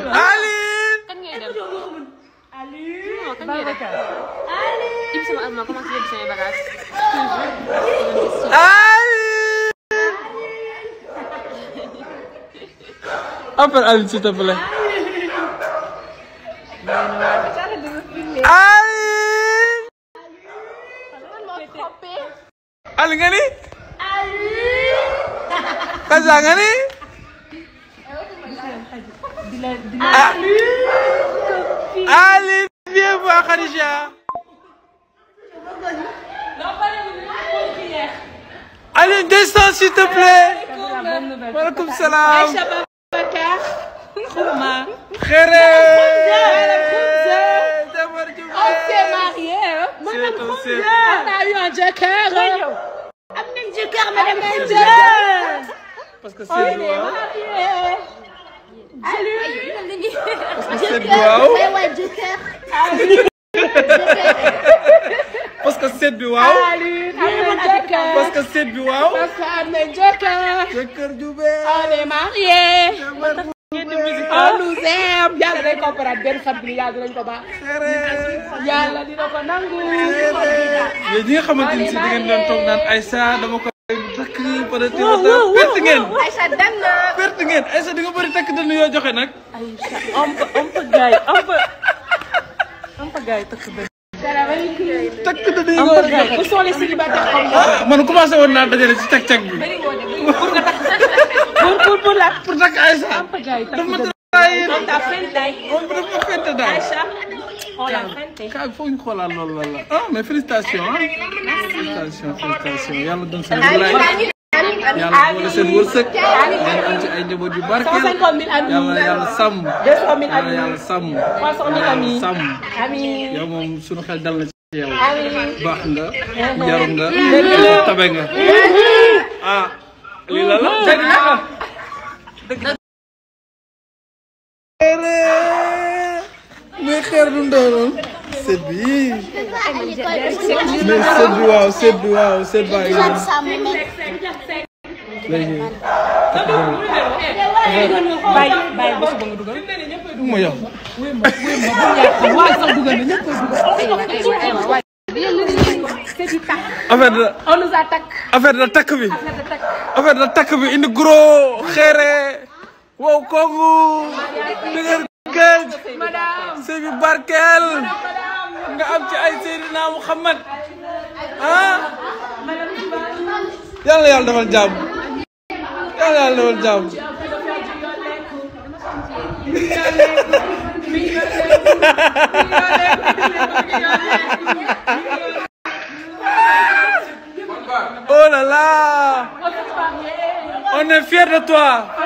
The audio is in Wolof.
Alin. Kan enggak eh, ada. Alin. Kan enggak ada. Alin. Ibu sama Alma aku masih bisa nyebakas. Alin. Apa Alin cerita boleh? Alin. Alin. Alin kan nih? Alin. Kau jangan nih? Ah. Allez, viens voir Khadija. Allez, descends s'il te plaît. Voilà salam. On s'est mariés. Hein. On a eu un joker. Hein. Ah, Parce que c'est hein. allo ah, waaw ah, parce que seet bi waaw. parce que seet bi waaw. parce que am na jëkkër. jëkkër ju bees. on est mariés. on nous aime. yàlla dañ ko faral benn xam bi yàlla dinañ ko baax. yàlla dina ko nangu. yéen ñi nga xamante ni si da ngeen doon toog naan Aïssa dama ko. température waaw perte ngeen. Aïcha dem na perte ngeen Aïcha di nga bëri takk dënnu yoo joxe nag. Aïcha am fa am fa gars yi am fa am fa gars yi takk dënnu. salaamaaleykum. takk dënnu yoo joxe am fa ku soxla célibataire am na. Ah, man commencé woon naa dajale ci cag cag bi. pour nga takk pour pour pour la. pour takk Aïcha. am fa gars yi takk dënnu moom daa fente daal moom dafa oh, fente daal Aïcha. xoolal fente kaay foog ñu xoolal loolu la ah mais félicitations ah. félicitations félicitations yàlla doon sa. yàlla boole seen baju ngeen am ci ay njaboot yang barkeel yàlla yàlla sàmm yang yàlla sàmm yang mau yow moom sunu xel dal na ci ah lii sët bi mais sët bi waaw sët bi waaw sët baa ngi léegi bàyyi bàyyi bés ba nga dugal ma yow affaire da affaire da takk bi affaire da takk bi indi gros xeere wow kongu dëgër géej sëy bi barkeel nga am ci ay sayyidina Muhammad ah yalla yalla ya dafa jamm yalla ya yalla ya dafa jamm Oh là là oh, On est fiers de toi